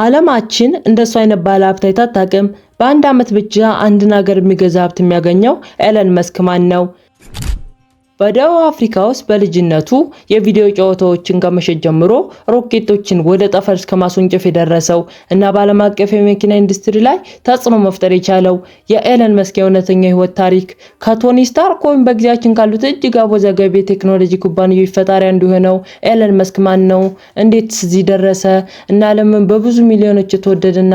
ዓለማችን እንደሱ አይነት ባለ ሀብት አይታጣም። በአንድ ዓመት ብቻ አንድን ሀገር የሚገዛ ሀብት የሚያገኘው ኤለን መስክ ማን ነው? በደቡብ አፍሪካ ውስጥ በልጅነቱ የቪዲዮ ጨዋታዎችን ከመሸጥ ጀምሮ ሮኬቶችን ወደ ጠፈር እስከ ማስወንጨፍ የደረሰው እና በዓለም አቀፍ የመኪና ኢንዱስትሪ ላይ ተጽዕኖ መፍጠር የቻለው የኤለን መስክ የእውነተኛ ህይወት ታሪክ ከቶኒ ስታርክ ወይም በጊዜያችን ካሉት እጅግ አወዛጋቢ የቴክኖሎጂ ኩባንያዎች ፈጣሪ አንዱ የሆነው ኤለን መስክ ማን ነው? እንዴት እዚህ ደረሰ? እና ለምን በብዙ ሚሊዮኖች የተወደደና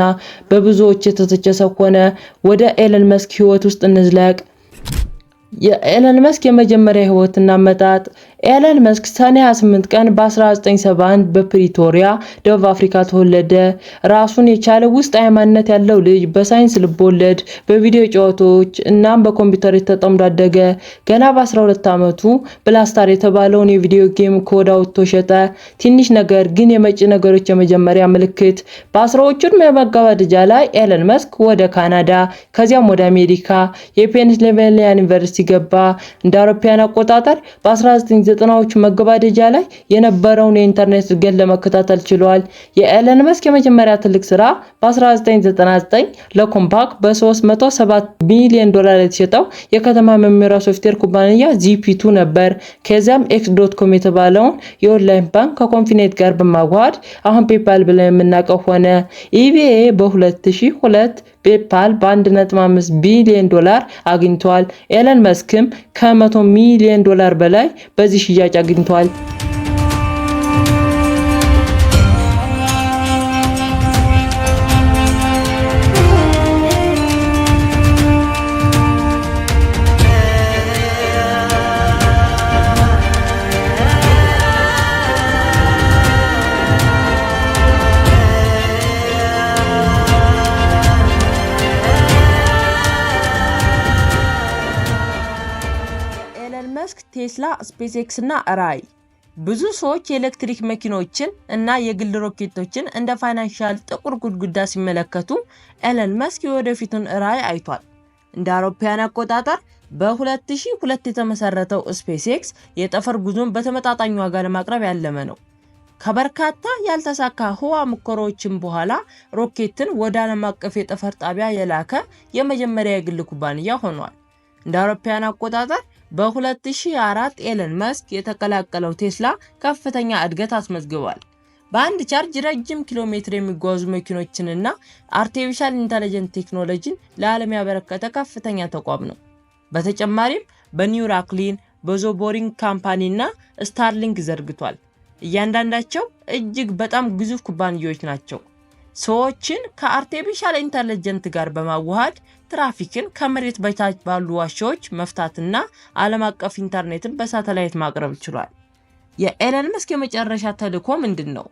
በብዙዎች የተተቸ ሰው ሆነ? ወደ ኤለን መስክ ህይወት ውስጥ እንዝለቅ። የኤለን መስክ የመጀመሪያ ህይወትና መጣጥ ኤለን መስክ ሰኔ 28 ቀን በ1971 በፕሪቶሪያ ደቡብ አፍሪካ ተወለደ። ራሱን የቻለ ውስጣዊ ማንነት ያለው ልጅ በሳይንስ ልቦለድ፣ በቪዲዮ ጨዋታዎች እናም በኮምፒውተር ተጠምዶ አደገ። ገና በ12 ዓመቱ ብላስታር የተባለውን የቪዲዮ ጌም ኮድ አውጥቶ ሸጠ። ትንሽ ነገር ግን የመጪ ነገሮች የመጀመሪያ ምልክት። በአስራዎቹ መገባደጃ ላይ ኤለን መስክ ወደ ካናዳ ከዚያም ወደ አሜሪካ የፔንስልቬንያ ዩኒቨርሲቲ ገባ። እንደ አውሮፓውያን አቆጣጠር በ19 ዘጠናዎቹ መገባደጃ ላይ የነበረውን የኢንተርኔት እድገት ለመከታተል ችሏል። የኤለን መስክ የመጀመሪያ ትልቅ ስራ በ1999 ለኮምፓክ በ307 ሚሊዮን ዶላር የተሸጠው የከተማ መመሪያ ሶፍትዌር ኩባንያ ዚፒቱ ነበር። ከዚያም ኤክስ ዶት ኮም የተባለውን የኦንላይን ባንክ ከኮንፊኔት ጋር በማዋሃድ አሁን ፔፓል ብለን የምናውቀው ሆነ። ኢቢኤ በ2002 ፔፓል በ1.5 ቢሊዮን ዶላር አግኝቷል። ኤለን መስክም ከ100 ሚሊዮን ዶላር በላይ በዚህ ሽያጭ አግኝቷል። ስፔስ እና ራይ ብዙ ሰዎች የኤሌክትሪክ መኪኖችን እና የግል ሮኬቶችን እንደ ፋይናንሻል ጥቁር ጉድጉዳ ሲመለከቱ ኤለን መስክ የወደፊቱን ራዕይ አይቷል። እንደ አውሮፓውያን አቆጣጠር በ2002 የተመሰረተው ስፔስ ኤክስ የጠፈር ጉዞን በተመጣጣኝ ዋጋ ለማቅረብ ያለመ ነው። ከበርካታ ያልተሳካ ህዋ ሙከራዎችን በኋላ ሮኬትን ወደ ዓለም አቀፍ የጠፈር ጣቢያ የላከ የመጀመሪያ የግል ኩባንያ ሆኗል። እንደ አውሮፓውያን አቆጣጠር በ2004 ኤለን መስክ የተቀላቀለው ቴስላ ከፍተኛ እድገት አስመዝግቧል። በአንድ ቻርጅ ረጅም ኪሎ ሜትር የሚጓዙ መኪኖችንና አርቲፊሻል ኢንተለጀንስ ቴክኖሎጂን ለዓለም ያበረከተ ከፍተኛ ተቋም ነው። በተጨማሪም በኒውራክሊን በዞቦሪንግ ካምፓኒ እና ስታርሊንክ ዘርግቷል። እያንዳንዳቸው እጅግ በጣም ግዙፍ ኩባንያዎች ናቸው። ሰዎችን ከአርቴፊሻል ኢንተለጀንት ጋር በማዋሃድ ትራፊክን ከመሬት በታች ባሉ ዋሻዎች መፍታትና ዓለም አቀፍ ኢንተርኔትን በሳተላይት ማቅረብ ችሏል። የኤለን መስክ የመጨረሻ ተልዕኮ ምንድን ነው?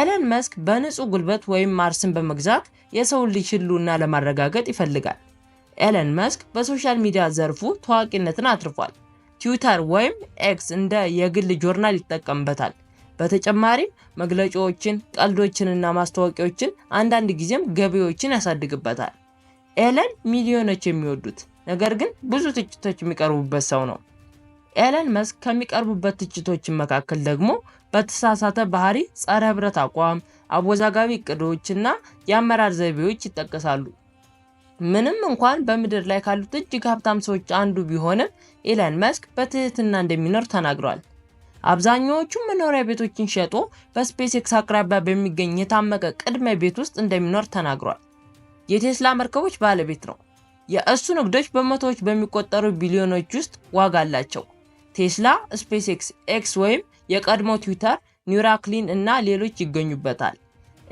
ኤለን መስክ በንጹህ ጉልበት ወይም ማርስን በመግዛት የሰውን ልጅ ሕልውና ለማረጋገጥ ይፈልጋል። ኤለን መስክ በሶሻል ሚዲያ ዘርፉ ታዋቂነትን አትርፏል። ትዊተር ወይም ኤክስ እንደ የግል ጆርናል ይጠቀምበታል። በተጨማሪም መግለጫዎችን፣ ቀልዶችንና ማስታወቂያዎችን አንዳንድ ጊዜም ገቢዎችን ያሳድግበታል። ኤለን ሚሊዮኖች የሚወዱት ነገር ግን ብዙ ትችቶች የሚቀርቡበት ሰው ነው። ኤለን መስክ ከሚቀርቡበት ትችቶች መካከል ደግሞ በተሳሳተ ባህሪ፣ ጸረ ህብረት አቋም፣ አወዛጋቢ እቅዶችና የአመራር ዘይቤዎች ይጠቀሳሉ። ምንም እንኳን በምድር ላይ ካሉት እጅግ ሀብታም ሰዎች አንዱ ቢሆንም ኤለን መስክ በትህትና እንደሚኖር ተናግሯል። አብዛኛዎቹ መኖሪያ ቤቶችን ሸጦ በስፔስ ኤክስ አቅራቢያ በሚገኝ የታመቀ ቅድመ ቤት ውስጥ እንደሚኖር ተናግሯል። የቴስላ መርከቦች ባለቤት ነው። የእሱ ንግዶች በመቶዎች በሚቆጠሩ ቢሊዮኖች ውስጥ ዋጋ አላቸው። ቴስላ፣ ስፔስ ኤክስ፣ ኤክስ ወይም የቀድሞ ትዊተር፣ ኒውራክሊን እና ሌሎች ይገኙበታል።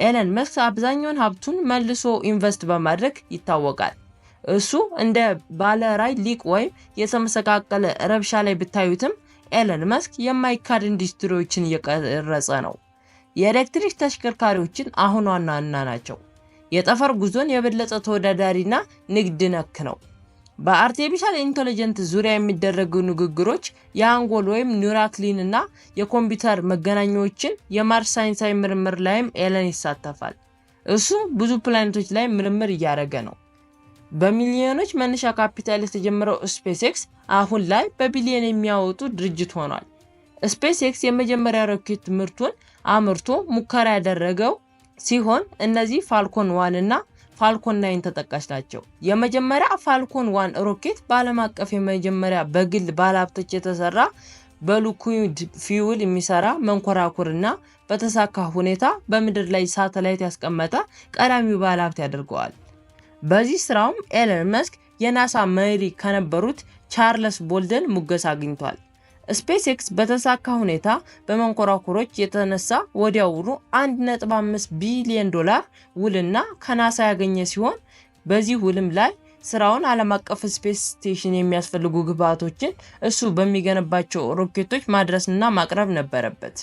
ኤለን መስክ አብዛኛውን ሀብቱን መልሶ ኢንቨስት በማድረግ ይታወቃል። እሱ እንደ ባለራይ ሊቅ ወይም የተመሰቃቀለ ረብሻ ላይ ብታዩትም ኤለን መስክ የማይካድ ኢንዱስትሪዎችን እየቀረጸ ነው። የኤሌክትሪክ ተሽከርካሪዎችን አሁን ዋና ዋና ናቸው። የጠፈር ጉዞን የበለጠ ተወዳዳሪና ንግድ ነክ ነው። በአርቲፊሻል ኢንቴሊጀንት ዙሪያ የሚደረጉ ንግግሮች የአንጎል ወይም ኒውራክሊን እና የኮምፒውተር መገናኛዎችን የማርስ ሳይንሳዊ ምርምር ላይም ኤለን ይሳተፋል። እሱም ብዙ ፕላኔቶች ላይ ምርምር እያደረገ ነው። በሚሊዮኖች መነሻ ካፒታል የተጀመረው ስፔስ ኤክስ አሁን ላይ በቢሊዮን የሚያወጡ ድርጅት ሆኗል። ስፔስ ኤክስ የመጀመሪያ ሮኬት ምርቱን አምርቶ ሙከራ ያደረገው ሲሆን እነዚህ ፋልኮን ዋን እና ፋልኮን ናይን ተጠቃሽ ናቸው። የመጀመሪያ ፋልኮን ዋን ሮኬት በዓለም አቀፍ የመጀመሪያ በግል ባለሀብቶች የተሰራ በሊኩዊድ ፊውል የሚሰራ መንኮራኩርና በተሳካ ሁኔታ በምድር ላይ ሳተላይት ያስቀመጠ ቀዳሚው ባለሀብት ያደርገዋል። በዚህ ስራውም ኤለን መስክ የናሳ መሪ ከነበሩት ቻርለስ ቦልደን ሙገስ አግኝቷል። ስፔስ ኤክስ በተሳካ ሁኔታ በመንኮራኩሮች የተነሳ ወዲያውኑ 1.5 ቢሊዮን ዶላር ውልና ከናሳ ያገኘ ሲሆን በዚህ ውልም ላይ ስራውን ዓለም አቀፍ ስፔስ ስቴሽን የሚያስፈልጉ ግብዓቶችን እሱ በሚገነባቸው ሮኬቶች ማድረስና ማቅረብ ነበረበት።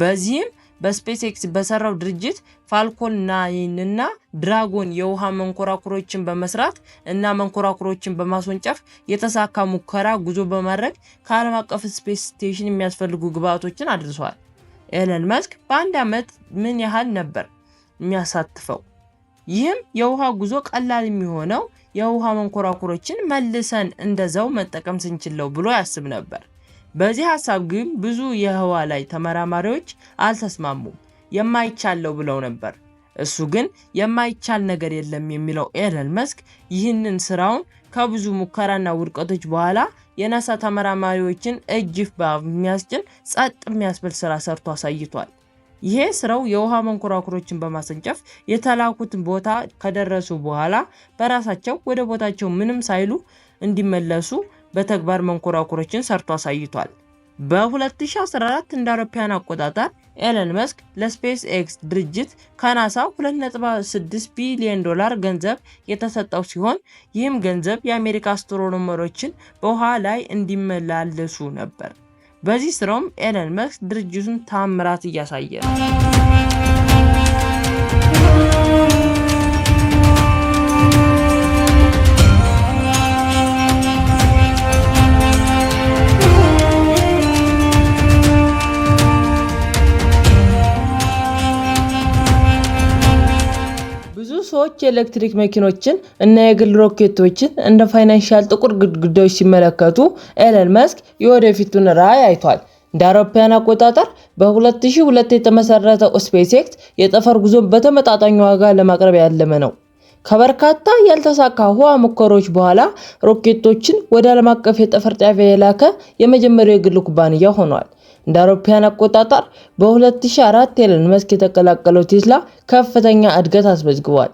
በዚህም በስፔስ ኤክስ በሰራው ድርጅት ፋልኮን ናይንና ድራጎን የውሃ መንኮራኩሮችን በመስራት እና መንኮራኩሮችን በማስወንጨፍ የተሳካ ሙከራ ጉዞ በማድረግ ከዓለም አቀፍ ስፔስ ስቴሽን የሚያስፈልጉ ግብዓቶችን አድርሷል። ኤለን መስክ በአንድ ዓመት ምን ያህል ነበር የሚያሳትፈው? ይህም የውሃ ጉዞ ቀላል የሚሆነው የውሃ መንኮራኩሮችን መልሰን እንደዛው መጠቀም ስንችለው ብሎ ያስብ ነበር። በዚህ ሀሳብ ግን ብዙ የህዋ ላይ ተመራማሪዎች አልተስማሙም። የማይቻለው ብለው ነበር። እሱ ግን የማይቻል ነገር የለም የሚለው ኤለን መስክ ይህንን ስራውን ከብዙ ሙከራና ውድቀቶች በኋላ የናሳ ተመራማሪዎችን እጅፍ በአብ የሚያስጭን ጸጥ የሚያስብል ስራ ሰርቶ አሳይቷል። ይሄ ስራው የውሃ መንኮራኩሮችን በማሰንጨፍ የተላኩትን ቦታ ከደረሱ በኋላ በራሳቸው ወደ ቦታቸው ምንም ሳይሉ እንዲመለሱ በተግባር መንኮራኩሮችን ሰርቶ አሳይቷል። በ2014 እንደ አውሮፓውያን አቆጣጠር ኤለን መስክ ለስፔስ ኤክስ ድርጅት ከናሳ 2.6 ቢሊዮን ዶላር ገንዘብ የተሰጠው ሲሆን ይህም ገንዘብ የአሜሪካ አስትሮኖመሮችን በውሃ ላይ እንዲመላለሱ ነበር። በዚህ ስራውም ኤለን መስክ ድርጅቱን ታምራት እያሳየ ነው። ሰዎች የኤሌክትሪክ መኪኖችን እና የግል ሮኬቶችን እንደ ፋይናንሻል ጥቁር ግድግዳዎች ሲመለከቱ ኤለን መስክ የወደፊቱን ራዕይ አይቷል። እንደ አውሮፓውያን አቆጣጠር በ2002 የተመሰረተው ስፔስ ኤክስ የጠፈር ጉዞን በተመጣጣኝ ዋጋ ለማቅረብ ያለመ ነው። ከበርካታ ያልተሳካ ህዋ ሙከሮች በኋላ ሮኬቶችን ወደ ዓለም አቀፍ የጠፈር ጣቢያ የላከ የመጀመሪያው የግል ኩባንያ ሆኗል። እንደ አውሮፓውያን አቆጣጠር በ2004 ኤለን መስክ የተቀላቀለው ቴስላ ከፍተኛ እድገት አስመዝግቧል።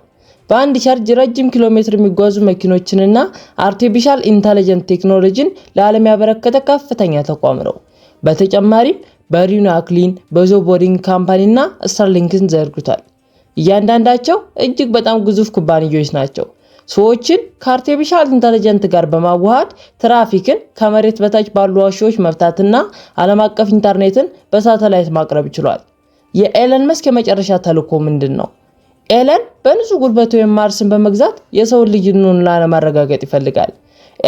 በአንድ ቻርጅ ረጅም ኪሎ ሜትር የሚጓዙ መኪኖችንና አርቲፊሻል ኢንተለጀንት ቴክኖሎጂን ለዓለም ያበረከተ ከፍተኛ ተቋም ነው። በተጨማሪም በሪኖ አክሊን፣ በዞቦሪንግ ካምፓኒ እና ስታርሊንክን ዘርግቷል። እያንዳንዳቸው እጅግ በጣም ግዙፍ ኩባንያዎች ናቸው። ሰዎችን ከአርቲፊሻል ኢንተለጀንት ጋር በማዋሃድ ትራፊክን ከመሬት በታች ባሉ ዋሾዎች መፍታትና ዓለም አቀፍ ኢንተርኔትን በሳተላይት ማቅረብ ችሏል። የኤለን መስክ የመጨረሻ ተልዕኮ ምንድን ነው? ኤለን በንጹህ ጉልበቱ ማርስን በመግዛት የሰውን ልጅ ኑና ለማረጋገጥ ይፈልጋል።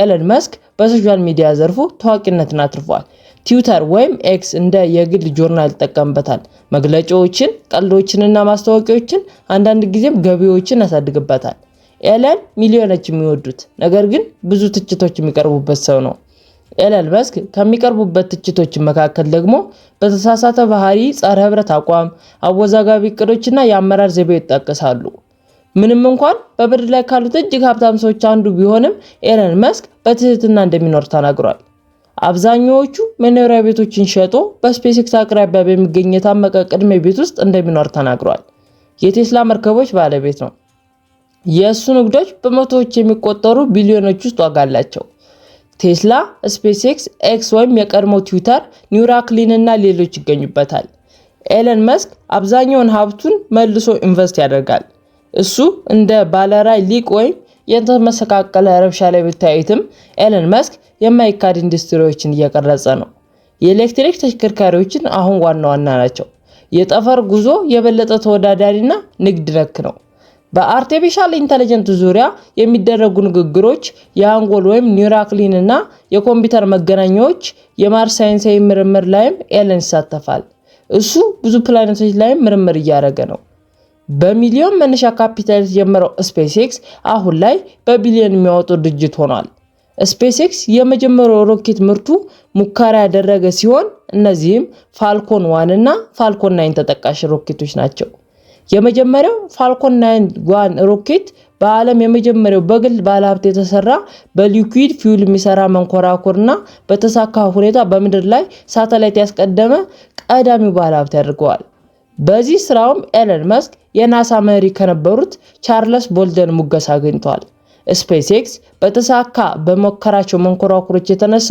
ኤለን መስክ በሶሻል ሚዲያ ዘርፉ ታዋቂነትን አትርፏል። ትዊተር ወይም ኤክስ እንደ የግል ጆርናል ይጠቀምበታል። መግለጫዎችን፣ ቀልዶችንና ማስታወቂያዎችን አንዳንድ ጊዜም ገቢዎችን ያሳድግበታል። ኤለን ሚሊዮኖች የሚወዱት ነገር ግን ብዙ ትችቶች የሚቀርቡበት ሰው ነው። ኤለን መስክ ከሚቀርቡበት ትችቶች መካከል ደግሞ በተሳሳተ ባህሪ፣ ጸረ ህብረት አቋም፣ አወዛጋቢ እቅዶችና የአመራር ዘይቤ ይጠቀሳሉ። ምንም እንኳን በምድር ላይ ካሉት እጅግ ሀብታም ሰዎች አንዱ ቢሆንም ኤለን መስክ በትህትና እንደሚኖር ተናግሯል። አብዛኛዎቹ መኖሪያ ቤቶችን ሸጦ በስፔስክስ አቅራቢያ በሚገኝ የታመቀ ቅድሜ ቤት ውስጥ እንደሚኖር ተናግሯል። የቴስላ መርከቦች ባለቤት ነው። የእሱ ንግዶች በመቶዎች የሚቆጠሩ ቢሊዮኖች ውስጥ ዋጋ አላቸው። ቴስላ፣ ስፔስ ኤክስ፣ ኤክስ ወይም የቀድሞ ትዊተር፣ ኒውራክሊን እና ሌሎች ይገኙበታል። ኤለን መስክ አብዛኛውን ሀብቱን መልሶ ኢንቨስት ያደርጋል። እሱ እንደ ባለራይ ሊቅ ወይም የተመሰቃቀለ ረብሻ ላይ ብታዩትም ኤለን መስክ የማይካድ ኢንዱስትሪዎችን እየቀረጸ ነው። የኤሌክትሪክ ተሽከርካሪዎችን አሁን ዋና ዋና ናቸው። የጠፈር ጉዞ የበለጠ ተወዳዳሪና ንግድ ነክ ነው። በአርቴፊሻል ኢንተለጀንስ ዙሪያ የሚደረጉ ንግግሮች የአንጎል ወይም ኒውራክሊን እና የኮምፒውተር መገናኛዎች የማርስ ሳይንሳዊ ምርምር ላይም ኤለን ይሳተፋል። እሱ ብዙ ፕላኔቶች ላይም ምርምር እያደረገ ነው። በሚሊዮን መነሻ ካፒታል የተጀመረው ስፔስ ኤክስ አሁን ላይ በቢሊዮን የሚያወጡ ድርጅት ሆኗል። ስፔስክስ ኤክስ የመጀመሪያው ሮኬት ምርቱ ሙከራ ያደረገ ሲሆን እነዚህም ፋልኮን ዋን እና ፋልኮን ናይን ተጠቃሽ ሮኬቶች ናቸው። የመጀመሪያው ፋልኮን ናይን ጓን ሮኬት በዓለም የመጀመሪያው በግል ባለሀብት የተሰራ በሊኩዊድ ፊውል የሚሰራ እና በተሳካ ሁኔታ በምድር ላይ ሳተላይት ያስቀደመ ቀዳሚው ባለሀብት ያደርገዋል። በዚህ ስራውም ኤለን መስክ የናሳ መሪ ከነበሩት ቻርለስ ቦልደን ሙገስ አግኝቷል። ስፔስ ኤክስ በተሳካ በሞከራቸው መንኮራኩሮች የተነሳ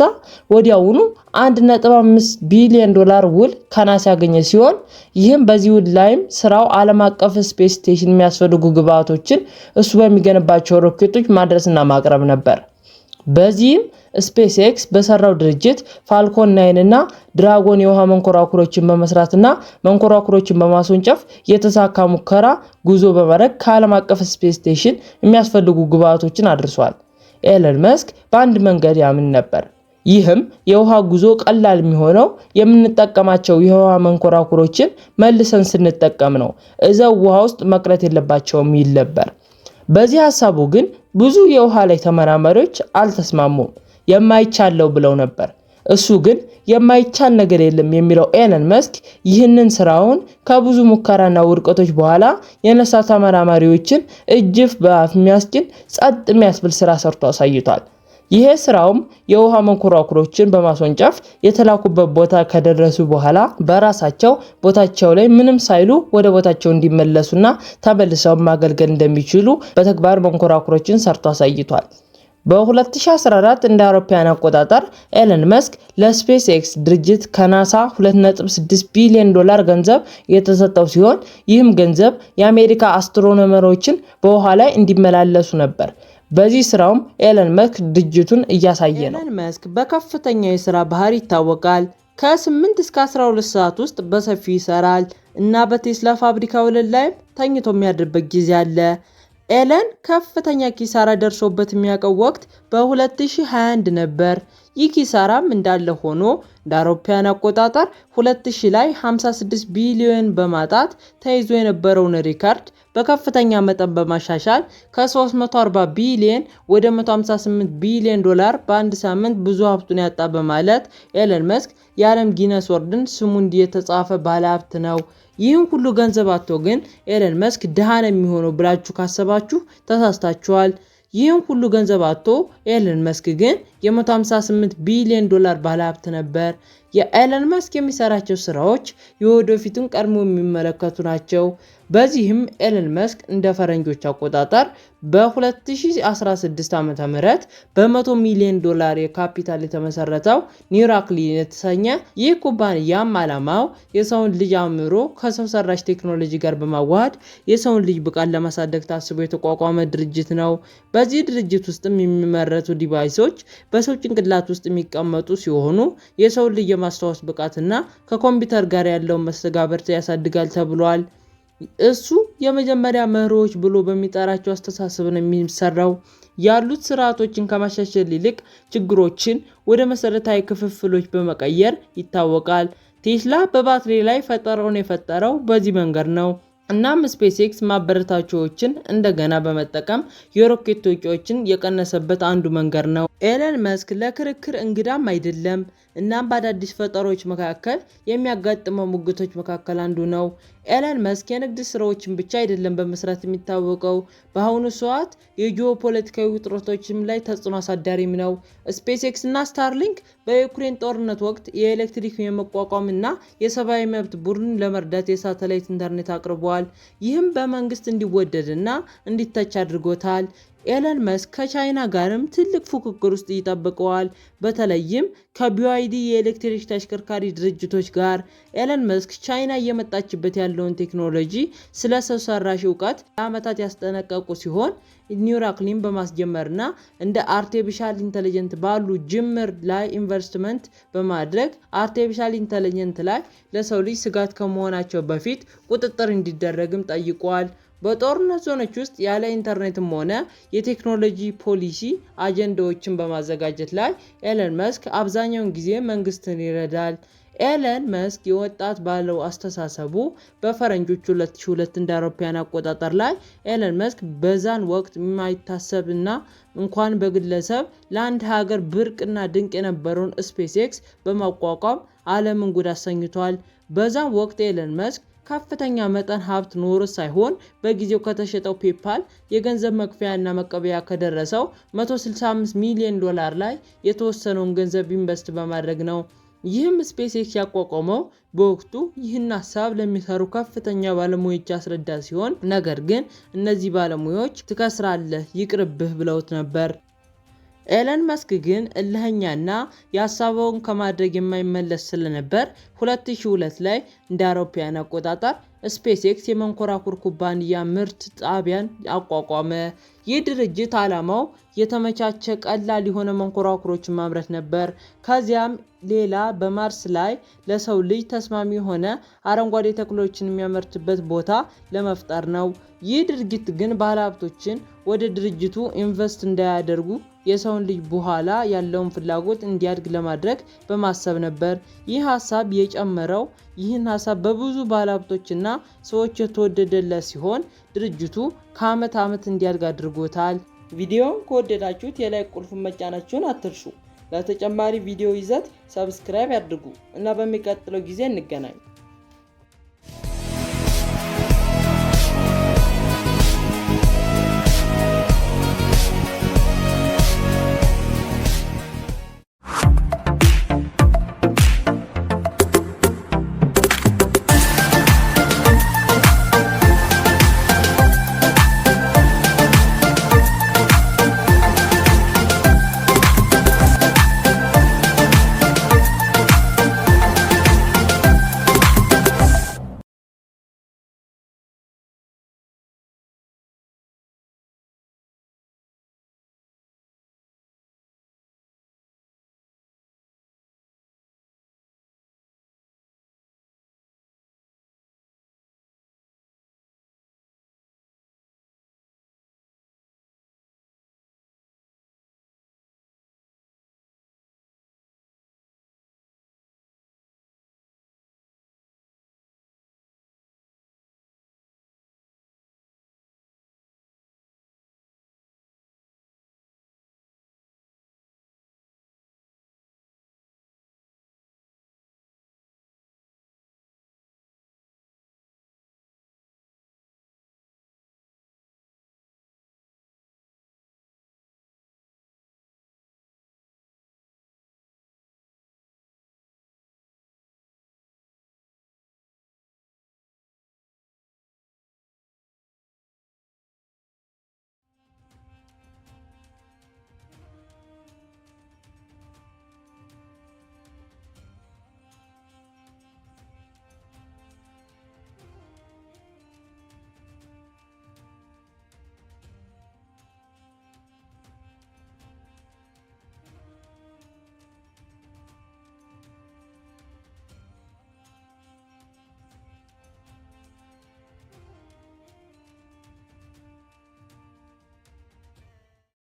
ወዲያውኑ 1.5 ቢሊዮን ዶላር ውል ከናሳ ያገኘ ሲሆን ይህም በዚህ ውል ላይም ስራው ዓለም አቀፍ ስፔስ ስቴሽን የሚያስፈልጉ ግብዓቶችን እሱ በሚገነባቸው ሮኬቶች ማድረስና ማቅረብ ነበር። በዚህም ስፔስ ኤክስ በሰራው ድርጅት ፋልኮን ናይን እና ድራጎን የውሃ መንኮራኩሮችን በመስራትና መንኮራኩሮችን በማስወንጨፍ የተሳካ ሙከራ ጉዞ በማድረግ ከዓለም አቀፍ ስፔስ ስቴሽን የሚያስፈልጉ ግብዓቶችን አድርሷል። ኤለን መስክ በአንድ መንገድ ያምን ነበር። ይህም የውሃ ጉዞ ቀላል የሚሆነው የምንጠቀማቸው የውሃ መንኮራኩሮችን መልሰን ስንጠቀም ነው፣ እዛው ውሃ ውስጥ መቅረት የለባቸውም ይል ነበር። በዚህ ሀሳቡ ግን ብዙ የውሃ ላይ ተመራማሪዎች አልተስማሙም። የማይቻለው ብለው ነበር። እሱ ግን የማይቻል ነገር የለም የሚለው ኤለን መስክ ይህንን ስራውን ከብዙ ሙከራና ውድቀቶች በኋላ የነሳ ተመራማሪዎችን እጅፍ በአፍ የሚያስችል ጸጥ የሚያስብል ስራ ሰርቶ አሳይቷል። ይሄ ስራውም የውሃ መንኮራኩሮችን በማስወንጨፍ የተላኩበት ቦታ ከደረሱ በኋላ በራሳቸው ቦታቸው ላይ ምንም ሳይሉ ወደ ቦታቸው እንዲመለሱና ተመልሰው ማገልገል እንደሚችሉ በተግባር መንኮራኩሮችን ሰርቶ አሳይቷል። በ2014 እንደ አውሮፓውያን አቆጣጠር ኤለን መስክ ለስፔስ ኤክስ ድርጅት ከናሳ 2.6 ቢሊዮን ዶላር ገንዘብ የተሰጠው ሲሆን ይህም ገንዘብ የአሜሪካ አስትሮኖመሮችን በውሃ ላይ እንዲመላለሱ ነበር። በዚህ ስራውም ኤለን መስክ ድርጅቱን እያሳየ ነው። ኤለን መስክ በከፍተኛ የስራ ባህር ይታወቃል። ከ8 እስከ 12 ሰዓት ውስጥ በሰፊ ይሰራል እና በቴስላ ፋብሪካ ወለል ላይም ተኝቶ የሚያድርበት ጊዜ አለ። ኤለን ከፍተኛ ኪሳራ ደርሶበት የሚያውቀው ወቅት በ2021 ነበር። ይህ ኪሳራም እንዳለ ሆኖ እንደ አውሮፓውያን አቆጣጠር 2000 ላይ 56 ቢሊዮን በማጣት ተይዞ የነበረውን ሪካርድ በከፍተኛ መጠን በማሻሻል ከ340 ቢሊዮን ወደ 158 ቢሊዮን ዶላር በአንድ ሳምንት ብዙ ሀብቱን ያጣ በማለት ኤለን መስክ የዓለም ጊነስ ወርድን ስሙ እንዲህ የተጻፈ ባለሀብት ነው ይህን ሁሉ ገንዘብ አቶ ግን ኤለን መስክ ድሃ ነው የሚሆነው ብላችሁ ካሰባችሁ ተሳስታችኋል። ይህን ሁሉ ገንዘብ አቶ ኤለን መስክ ግን የ158 ቢሊዮን ዶላር ባለሀብት ነበር። የኤለን መስክ የሚሰራቸው ስራዎች የወደፊቱን ቀድሞ የሚመለከቱ ናቸው። በዚህም ኤለን መስክ እንደ ፈረንጆች አቆጣጠር በ2016 ዓ ም በ100 ሚሊዮን ዶላር የካፒታል የተመሰረተው ኒውራክሊ የተሰኘ ይህ ኩባንያም ዓላማው የሰውን ልጅ አእምሮ ከሰው ሰራሽ ቴክኖሎጂ ጋር በማዋሃድ የሰውን ልጅ ብቃት ለማሳደግ ታስቦ የተቋቋመ ድርጅት ነው። በዚህ ድርጅት ውስጥም የሚመረቱ ዲቫይሶች በሰው ጭንቅላት ውስጥ የሚቀመጡ ሲሆኑ የሰውን ልጅ የማስታወስ ብቃትና ከኮምፒውተር ጋር ያለውን መስተጋበር ያሳድጋል ተብሏል። እሱ የመጀመሪያ መርሆዎች ብሎ በሚጠራቸው ነው የሚሰራው ያሉት ስርዓቶችን ከማሻሸል ይልቅ ችግሮችን ወደ መሰረታዊ ክፍፍሎች በመቀየር ይታወቃል። ቴስላ በባትሪ ላይ ፈጠራውን የፈጠረው በዚህ መንገድ ነው። እናም ስፔስኤክስ ማበረታቻዎችን እንደገና በመጠቀም የሮኬት ወጪዎችን የቀነሰበት አንዱ መንገድ ነው። ኤለን መስክ ለክርክር እንግዳም አይደለም። እናም በአዳዲስ ፈጠሮች መካከል የሚያጋጥመው ሙግቶች መካከል አንዱ ነው። ኤለን መስክ የንግድ ስራዎችን ብቻ አይደለም በመስራት የሚታወቀው። በአሁኑ ሰዓት የጂኦ ፖለቲካዊ ውጥረቶችም ላይ ተጽዕኖ አሳዳሪም ነው። ስፔስ ኤክስ እና ስታርሊንክ በዩክሬን ጦርነት ወቅት የኤሌክትሪክ የመቋቋም እና የሰብአዊ መብት ቡድን ለመርዳት የሳተላይት ኢንተርኔት አቅርበዋል። ይህም በመንግስት እንዲወደድ እና እንዲተች አድርጎታል። ኤለን መስክ ከቻይና ጋርም ትልቅ ፉክክር ውስጥ ይጠብቀዋል። በተለይም ከቢዋይዲ የኤሌክትሪክ ተሽከርካሪ ድርጅቶች ጋር ኤለን መስክ ቻይና እየመጣችበት ያለውን ቴክኖሎጂ ስለ ሰው ሰራሽ እውቀት ለዓመታት ያስጠነቀቁ ሲሆን ኒውራሊንክን በማስጀመርና እንደ አርቴፊሻል ኢንተለጀንት ባሉ ጅምር ላይ ኢንቨስትመንት በማድረግ አርቴፊሻል ኢንተለጀንት ላይ ለሰው ልጅ ስጋት ከመሆናቸው በፊት ቁጥጥር እንዲደረግም ጠይቋል። በጦርነት ዞኖች ውስጥ ያለ ኢንተርኔትም ሆነ የቴክኖሎጂ ፖሊሲ አጀንዳዎችን በማዘጋጀት ላይ ኤለን መስክ አብዛኛውን ጊዜ መንግስትን ይረዳል። ኤለን መስክ የወጣት ባለው አስተሳሰቡ በፈረንጆች 2002 እንደ አውሮፓውያን አቆጣጠር ላይ ኤለን መስክ በዛን ወቅት የማይታሰብ እና እንኳን በግለሰብ ለአንድ ሀገር ብርቅና ድንቅ የነበረውን ስፔስ ኤክስ በማቋቋም ዓለምን ጉድ አሰኝቷል። በዛም ወቅት ኤለን መስክ ከፍተኛ መጠን ሀብት ኖር ሳይሆን በጊዜው ከተሸጠው ፔፓል የገንዘብ መክፈያና መቀበያ ከደረሰው 165 ሚሊዮን ዶላር ላይ የተወሰነውን ገንዘብ ኢንቨስት በማድረግ ነው። ይህም ስፔስ ኤክስ ያቋቋመው በወቅቱ ይህን ሀሳብ ለሚሰሩ ከፍተኛ ባለሙያዎች ያስረዳ ሲሆን ነገር ግን እነዚህ ባለሙያዎች ትከስራለህ፣ ይቅርብህ ብለውት ነበር። ኤለን መስክ ግን እልህኛና የሀሳበውን ከማድረግ የማይመለስ ስለነበር 2002 ላይ እንደ አውሮፓውያን አቆጣጠር ስፔስ ኤክስ የመንኮራኩር ኩባንያ ምርት ጣቢያን አቋቋመ። ይህ ድርጅት ዓላማው የተመቻቸ ቀላል የሆነ መንኮራኩሮችን ማምረት ነበር። ከዚያም ሌላ በማርስ ላይ ለሰው ልጅ ተስማሚ የሆነ አረንጓዴ ተክሎችን የሚያመርትበት ቦታ ለመፍጠር ነው። ይህ ድርጊት ግን ባለሀብቶችን ወደ ድርጅቱ ኢንቨስት እንዳያደርጉ የሰውን ልጅ በኋላ ያለውን ፍላጎት እንዲያድግ ለማድረግ በማሰብ ነበር። ይህ ሀሳብ የጨመረው ይህን ሀሳብ በብዙ ባለሀብቶችና ሰዎች የተወደደለት ሲሆን ድርጅቱ ከአመት አመት እንዲያድግ አድርጎታል። ቪዲዮውን ከወደዳችሁት የላይክ ቁልፍ መጫናችሁን አትርሱ። ለተጨማሪ ቪዲዮ ይዘት ሰብስክራይብ ያድርጉ እና በሚቀጥለው ጊዜ እንገናኝ።